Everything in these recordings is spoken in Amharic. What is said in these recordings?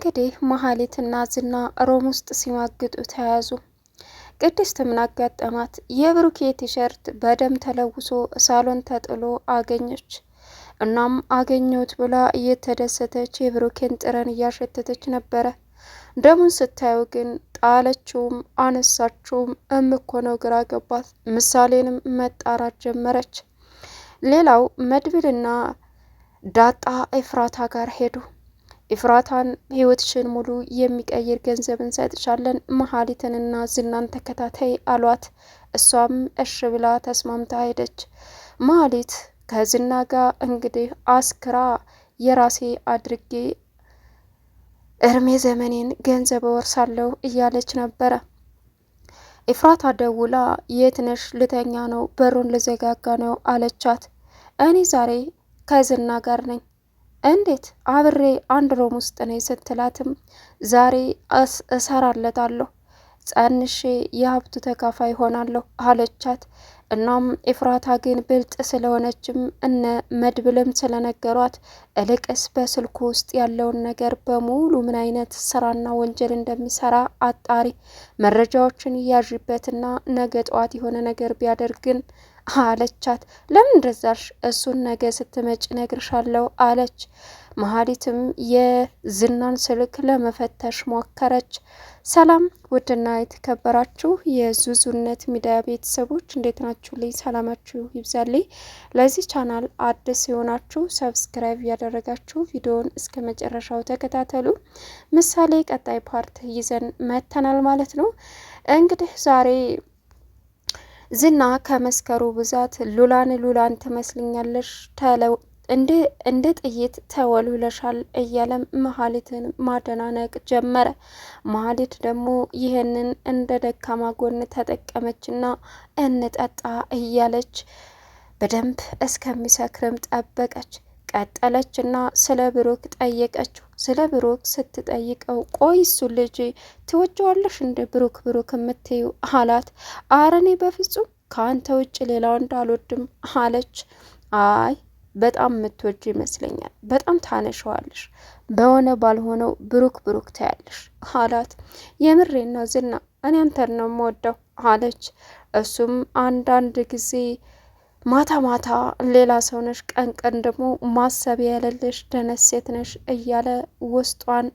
እንግዲህ መሀሌትና ዝና ሮም ውስጥ ሲማግጡ ተያዙ። ቅድስት ምን አጋጠማት? የብሩኬ ቲሸርት በደም ተለውሶ ሳሎን ተጥሎ አገኘች። እናም አገኘሁት ብላ እየተደሰተች የብሩኬን ጥረን እያሸተተች ነበረ። ደሙን ስታየው ግን ጣለችውም አነሳችውም እምኮነው ግራ ገባት። ምሳሌንም መጣራት ጀመረች። ሌላው መድብልና ዳጣ ኤፍራታ ጋር ሄዱ። ኢፍራታን ህይወትሽን ሙሉ የሚቀይር ገንዘብ እንሰጥሻለን፣ መሀሊትንና ዝናን ተከታታይ አሏት። እሷም እሽ ብላ ተስማምታ ሄደች። መሀሊት ከዝና ጋር እንግዲህ አስክራ የራሴ አድርጌ እርሜ ዘመኔን ገንዘብ ወርሳለሁ እያለች ነበረ። ኢፍራታ ደውላ የት ነሽ? ልተኛ ነው፣ በሩን ልዘጋጋ ነው አለቻት። እኔ ዛሬ ከዝና ጋር ነኝ እንዴት አብሬ አንድ ሮም ውስጥ ነኝ ስትላትም ዛሬ እሰራለታለሁ ጸንሼ የሀብቱ ተካፋይ ሆናለሁ አለቻት። እናም ኤፍራታ ግን ብልጥ ስለሆነችም እነ መድብልም ስለነገሯት እልቅስ በስልኩ ውስጥ ያለውን ነገር በሙሉ ምን አይነት ስራና ወንጀል እንደሚሰራ አጣሪ መረጃዎችን እያዥበትና ነገ ጠዋት የሆነ ነገር ቢያደርግን አለቻት። ለምን ደዛሽ? እሱን ነገ ስትመጭ ነግርሻለሁ አለች። መሀሊትም የዝናን ስልክ ለመፈተሽ ሞከረች። ሰላም ውድና የተከበራችሁ የዙዙነት ሚዲያ ቤተሰቦች እንዴት ናችሁ? ልይ ሰላማችሁ ይብዛልኝ። ለዚህ ቻናል አዲስ የሆናችሁ ሰብስክራይብ ያደረጋችሁ ቪዲዮን እስከ መጨረሻው ተከታተሉ። ምሳሌ ቀጣይ ፓርት ይዘን መተናል ማለት ነው። እንግዲህ ዛሬ ዝና ከመስከሩ ብዛት ሉላን ሉላን ትመስልኛለሽ እንደ ጥይት ተወልውለሻል እያለም መሀሊትን ማደናነቅ ጀመረ። መሀሊት ደግሞ ይህንን እንደ ደካማ ጎን ተጠቀመችና እንጠጣ እያለች በደንብ እስከሚሰክርም ጠበቀች። ቀጠለች እና ስለ ብሩክ ጠየቀችው። ስለ ብሩክ ስትጠይቀው ቆይ እሱ ልጅ ትወጂዋለሽ እንደ ብሩክ ብሩክ የምትዩ አላት። አረኔ በፍጹም ከአንተ ውጭ ሌላው እንዳልወድም አለች። አይ በጣም የምትወጅ ይመስለኛል። በጣም ታነሸዋለሽ፣ በሆነ ባልሆነው ብሩክ ብሩክ ታያለሽ አላት። የምሬና ነው ዝና፣ እኔ አንተን ነው የምወደው አለች። እሱም አንዳንድ ጊዜ ማታ ማታ ሌላ ሰው ነሽ፣ ቀን ቀን ደግሞ ማሰብ የሌለሽ ደነሴት ሴት ነሽ እያለ ውስጧን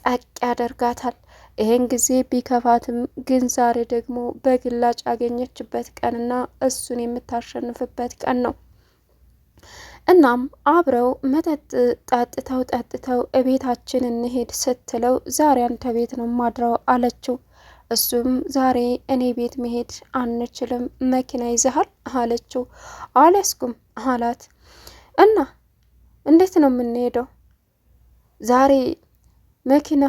ጠቅ ያደርጋታል። ይህን ጊዜ ቢከፋትም ግን ዛሬ ደግሞ በግላጭ ያገኘችበት ቀንና እሱን የምታሸንፍበት ቀን ነው። እናም አብረው መጠጥ ጠጥተው ጠጥተው እቤታችን እንሄድ ስትለው ዛሬ አንተ ቤት ነው ማድረው አለችው። እሱም ዛሬ እኔ ቤት መሄድ አንችልም መኪና ይዘሃል አለችው። አልያዝኩም አላት። እና እንዴት ነው የምንሄደው? ዛሬ መኪና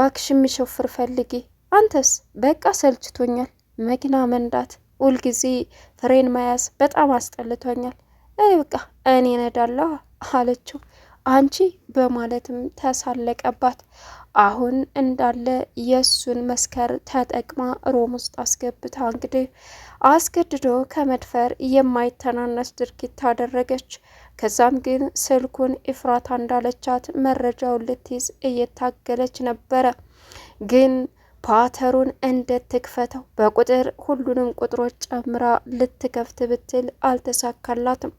ዋክሽ የሚሾፍር ፈልጊ። አንተስ በቃ ሰልችቶኛል መኪና መንዳት፣ ሁልጊዜ ፍሬን መያዝ በጣም አስጠልቶኛል። በቃ እኔ ነዳለሁ አለችው። አንቺ በማለትም ተሳለቀባት። አሁን እንዳለ የእሱን መስከር ተጠቅማ ሮም ውስጥ አስገብታ እንግዲህ አስገድዶ ከመድፈር የማይተናነስ ድርጊት ታደረገች። ከዛም ግን ስልኩን ኢፍራታ እንዳለቻት መረጃውን ልትይዝ እየታገለች ነበረ ግን ፓተሩን እንዴት ትክፈተው? በቁጥር ሁሉንም ቁጥሮች ጨምራ ልትከፍት ብትል አልተሳካላትም።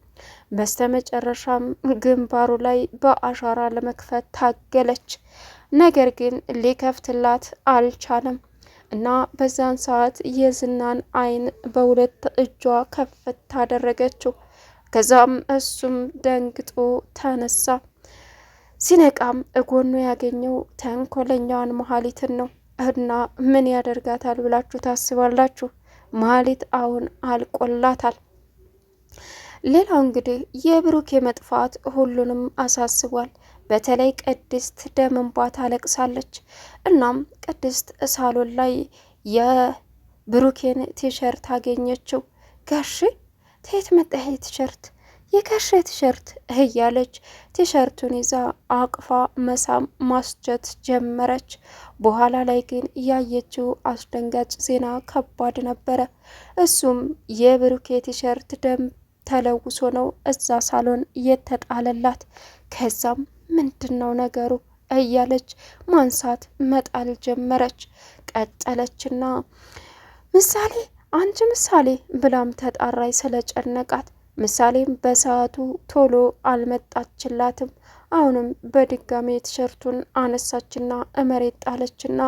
በስተመጨረሻም ግንባሩ ላይ በአሻራ ለመክፈት ታገለች። ነገር ግን ሊከፍትላት አልቻለም እና በዛን ሰዓት የዝናን አይን በሁለት እጇ ከፍት ታደረገችው። ከዛም እሱም ደንግጦ ተነሳ። ሲነቃም እጎኑ ያገኘው ተንኮለኛዋን መሀሊትን ነው። እና ምን ያደርጋታል ብላችሁ ታስባላችሁ? መሀሊት አሁን አልቆላታል። ሌላው እንግዲህ የብሩኬ መጥፋት ሁሉንም አሳስቧል። በተለይ ቅድስት ደም እንባ ታለቅሳለች። እናም ቅድስት ሳሎን ላይ የብሩኬን ቲሸርት አገኘችው። ጋሼ ተየት መጣ ቲሸርት? የጋሼ ቲሸርት እያለች ቲሸርቱን ይዛ አቅፋ መሳም ማስጀት ጀመረች። በኋላ ላይ ግን ያየችው አስደንጋጭ ዜና ከባድ ነበረ። እሱም የብሩኬ ቲሸርት ደም ተለውሶ ነው እዛ ሳሎን የተጣለላት። ከዛም ምንድን ነው ነገሩ እያለች ማንሳት መጣል ጀመረች። ቀጠለችና ምሳሌ አንቺ ምሳሌ ብላም ተጣራይ ስለጨነቃት ምሳሌም በሰዓቱ ቶሎ አልመጣችላትም። አሁንም በድጋሚ ቲሸርቱን አነሳችና እመሬት ጣለችና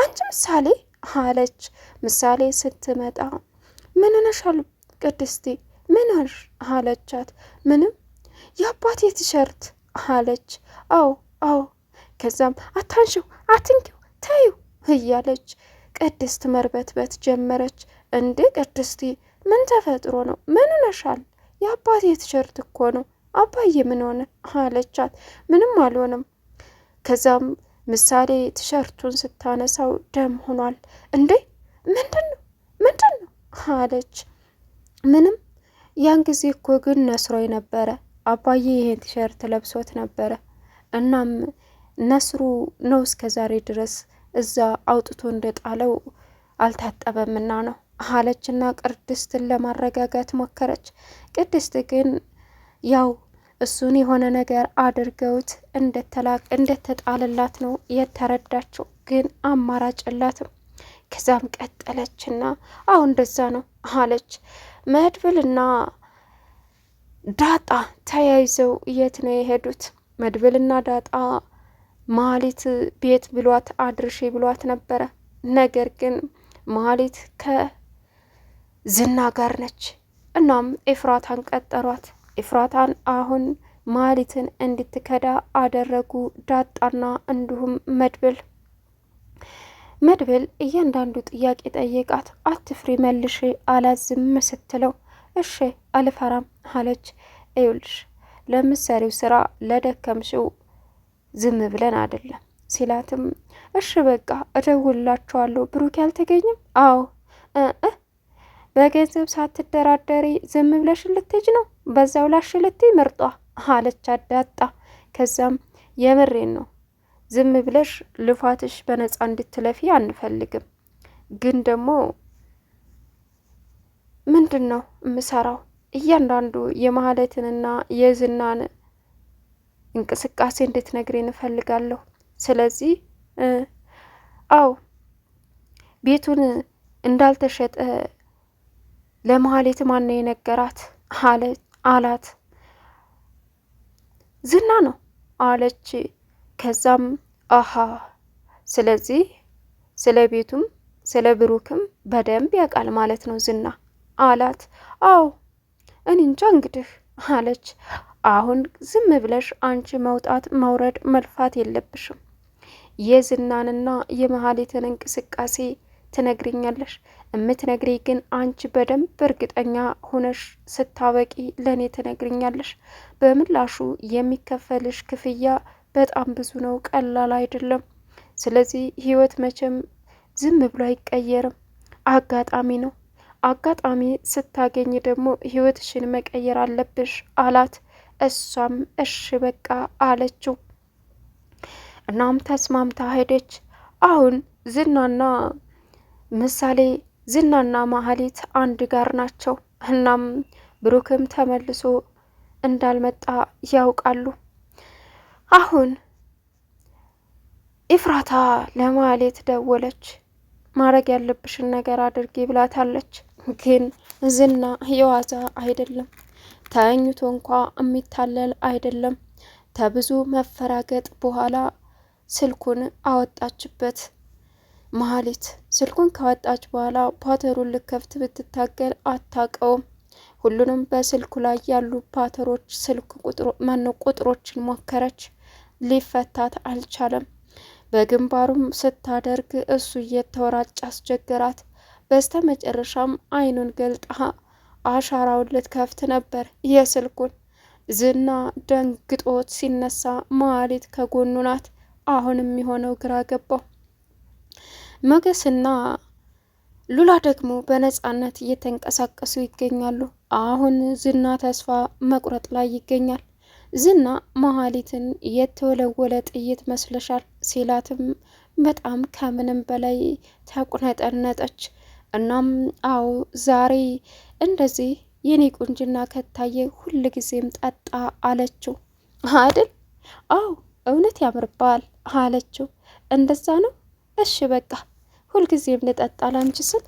አንቺ ምሳሌ አለች። ምሳሌ ስትመጣ ምን ሆነሻል ምን አልሽ አለቻት። ምንም የአባቴ ቲሸርት አለች። አዎ አዎ። ከዛም አታንሽው፣ አትንኪው፣ ተይው እያለች ቅድስት መርበትበት ጀመረች። እንዴ ቅድስቲ ምን ተፈጥሮ ነው? ምን ነሻል? የአባቴ ቲሸርት እኮ ነው። አባዬ ምን ሆነ አለቻት። ምንም አልሆነም። ከዛም ምሳሌ ቲሸርቱን ስታነሳው ደም ሆኗል። እንዴ ምንድን ነው ምንድን ነው አለች። ምንም ያን ጊዜ እኮ ግን ነስሮይ ነበረ አባዬ ይሄን ቲሸርት ለብሶት ነበረ። እናም ነስሩ ነው እስከ ዛሬ ድረስ እዛ አውጥቶ እንደጣለው አልታጠበምና ነው አለችና ቅድስትን ለማረጋጋት ሞከረች። ቅድስት ግን ያው እሱን የሆነ ነገር አድርገውት እንደተጣለላት ነው የተረዳችው። ግን አማራጭ የላትም። ከዛም ቀጠለችና አሁን እንደዛ ነው አለች። መድብልና ዳጣ ተያይዘው የት ነው የሄዱት? መድብልና ዳጣ ማሊት ቤት ብሏት አድርሺ ብሏት ነበረ። ነገር ግን ማሊት ከዝና ጋር ነች። እናም ኤፍራታን ቀጠሯት። ኤፍራታን አሁን ማሊትን እንድትከዳ አደረጉ ዳጣና እንዲሁም መድብል መድብል እያንዳንዱ ጥያቄ ጠየቃት። አትፍሪ መልሽ አላዝም ስትለው እሺ አልፈራም አለች። ይኸውልሽ ለምትሰሪው ስራ ለደከምሽው ዝም ብለን አይደለም ሲላትም እሺ በቃ እደውልላችኋለሁ። ብሩኬ ያልተገኝም! አዎ በገንዘብ ሳትደራደሪ ዝም ብለሽ ልትጅ ነው? በዛው ላሽ ልትይ ምርጧ አለች አዳጣ። ከዛም የምሬን ነው ዝም ብለሽ ልፋትሽ በነፃ እንድትለፊ አንፈልግም። ግን ደግሞ ምንድን ነው የምሰራው? እያንዳንዱ የማህሌትንና የዝናን እንቅስቃሴ እንድትነግሪ እንፈልጋለሁ። ስለዚህ አው ቤቱን እንዳልተሸጠ ለማህሌት ነው የነገራት አላት። ዝና ነው አለች ከዛም አሃ ስለዚህ ስለ ቤቱም ስለ ብሩክም በደንብ ያውቃል ማለት ነው ዝና አላት። አዎ እኔ እንጃ እንግዲህ አለች። አሁን ዝም ብለሽ አንቺ መውጣት መውረድ መልፋት የለብሽም። የዝናንና የመሀሌትን እንቅስቃሴ ትነግሪኛለሽ። የምትነግሪ ግን አንቺ በደንብ እርግጠኛ ሆነሽ ስታበቂ ለእኔ ትነግሪኛለሽ። በምላሹ የሚከፈልሽ ክፍያ በጣም ብዙ ነው፣ ቀላል አይደለም። ስለዚህ ህይወት መቼም ዝም ብሎ አይቀየርም፣ አጋጣሚ ነው። አጋጣሚ ስታገኝ ደግሞ ህይወትሽን መቀየር አለብሽ አላት። እሷም እሺ በቃ አለችው። እናም ተስማምታ ሄደች። አሁን ዝናና ምሳሌ ዝናና ማህሌት አንድ ጋር ናቸው። እናም ብሩክም ተመልሶ እንዳልመጣ ያውቃሉ። አሁን ኢፍራታ ለማህሌት ደወለች። ማድረግ ያለብሽን ነገር አድርጊ ብላታለች። ግን ዝና የዋዛ አይደለም፣ ተኝቶ እንኳ የሚታለል አይደለም። ተብዙ መፈራገጥ በኋላ ስልኩን አወጣችበት። ማህሌት ስልኩን ካወጣች በኋላ ፓተሩን ልከፍት ብትታገል አታቀውም። ሁሉንም በስልኩ ላይ ያሉ ፓተሮች ስልክ ቁጥሮችን ሞከረች። ሊፈታት አልቻለም። በግንባሩም ስታደርግ እሱ እየተወራጭ አስቸገራት። በስተ መጨረሻም አይኑን ገልጣ አሻራውን ልትከፍት ነበር የስልኩን። ዝና ደንግጦት ሲነሳ መሀሊት ከጎኑ ናት። አሁንም የሆነው ግራ ገባው። ሞገስና ሉላ ደግሞ በነፃነት እየተንቀሳቀሱ ይገኛሉ። አሁን ዝና ተስፋ መቁረጥ ላይ ይገኛል። ዝና መሀሊትን የተወለወለ ጥይት መስለሻል ሲላትም በጣም ከምንም በላይ ተቁነጠነጠች። እናም አዎ ዛሬ እንደዚህ የኔ ቁንጅና ከታየ ሁል ጊዜም ጠጣ አለችው። አይደል? አዎ እውነት ያምርባል አለችው። እንደዛ ነው እሺ በቃ ሁልጊዜም ልጠጣ ላንቺ ስል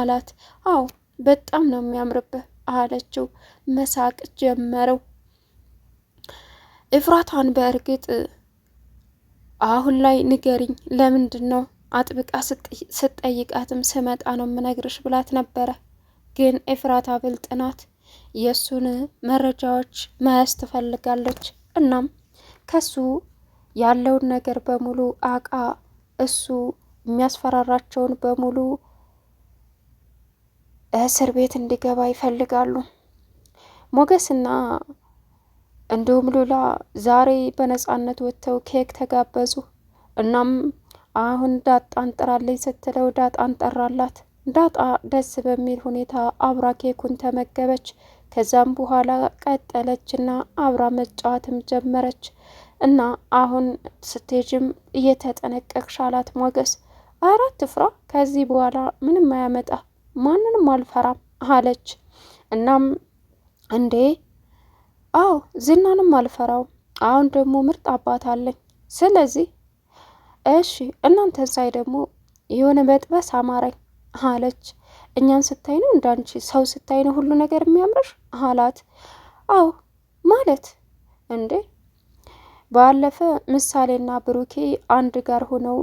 አላት። አዎ በጣም ነው የሚያምርብህ አለችው። መሳቅ ጀመረው። እፍራታን በእርግጥ አሁን ላይ ንገሪኝ፣ ለምንድን ነው አጥብቃ ስትጠይቃትም ስመጣ ነው የምነግርሽ ብላት ነበረ። ግን እፍራታ ብልጥ ናት። የእሱን መረጃዎች መያዝ ትፈልጋለች። እናም ከሱ ያለውን ነገር በሙሉ አቃ እሱ የሚያስፈራራቸውን በሙሉ እስር ቤት እንዲገባ ይፈልጋሉ ሞገስና እንዲሁም ሉላ ዛሬ በነፃነት ወጥተው ኬክ ተጋበዙ። እናም አሁን ዳጣ እንጠራለኝ ስትለው ዳጣ ጠራላት። ዳጣ ደስ በሚል ሁኔታ አብራ ኬኩን ተመገበች። ከዛም በኋላ ቀጠለችና አብራ መጫወትም ጀመረች። እና አሁን ስቴጅም እየተጠነቀቅሽ አላት ሞገስ። አራት ፍራ ከዚህ በኋላ ምንም አያመጣ ማንንም አልፈራም አለች። እናም እንዴ አዎ ዝናንም አልፈራውም። አሁን ደግሞ ምርጥ አባት አለኝ። ስለዚህ እሺ እናንተን ሳይ ደግሞ የሆነ መጥበስ አማረኝ አለች። እኛን ስታይ ነው እንዳንቺ ሰው ስታይ ነው ሁሉ ነገር የሚያምርሽ አላት። አዎ ማለት እንዴ ባለፈ ምሳሌና ብሩኬ አንድ ጋር ሆነው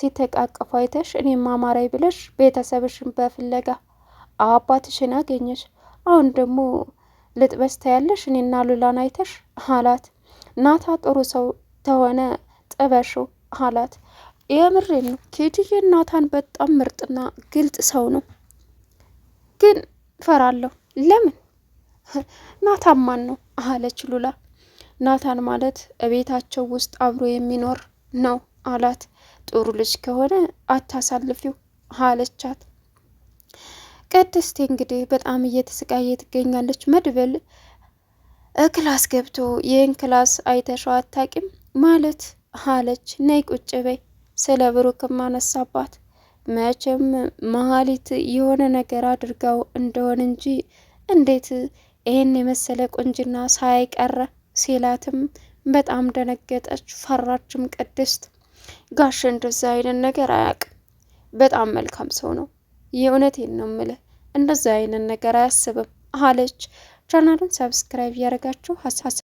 ሲተቃቀፉ አይተሽ እኔም አማራይ ብለሽ ቤተሰብሽን በፍለጋ አባትሽን አገኘሽ። አሁን ደግሞ ልጥበስ ታያለሽ እኔና ሉላን አይተሽ አላት። ናታ ጥሩ ሰው ተሆነ ጥበሹ አላት። የምሬ ነው ኬጅዬ ናታን በጣም ምርጥና ግልጽ ሰው ነው፣ ግን ፈራለሁ። ለምን ናታን ማን ነው አለች ሉላ። ናታን ማለት እቤታቸው ውስጥ አብሮ የሚኖር ነው አላት። ጥሩ ልጅ ከሆነ አታሳልፊው አለቻት። ቅድስቴ እንግዲህ በጣም እየተሰቃየ ትገኛለች። መድብል ክላስ ገብቶ ይህን ክላስ አይተሸው አታቂም ማለት አለች። ነይ ቁጭ በይ። ስለ ብሩክም አነሳባት። መቼም መሀሊት የሆነ ነገር አድርጋው እንደሆን እንጂ እንዴት ይህን የመሰለ ቁንጅና ሳይቀረ ሲላትም በጣም ደነገጠች፣ ፈራችም። ቅድስት ጋሽ እንደዛ አይነት ነገር አያውቅም። በጣም መልካም ሰው ነው። የእውነቴን ነው ምልህ እንደዛ አይነት ነገር አያስብም አለች። ቻናሉን ሰብስክራይብ ሀሳብ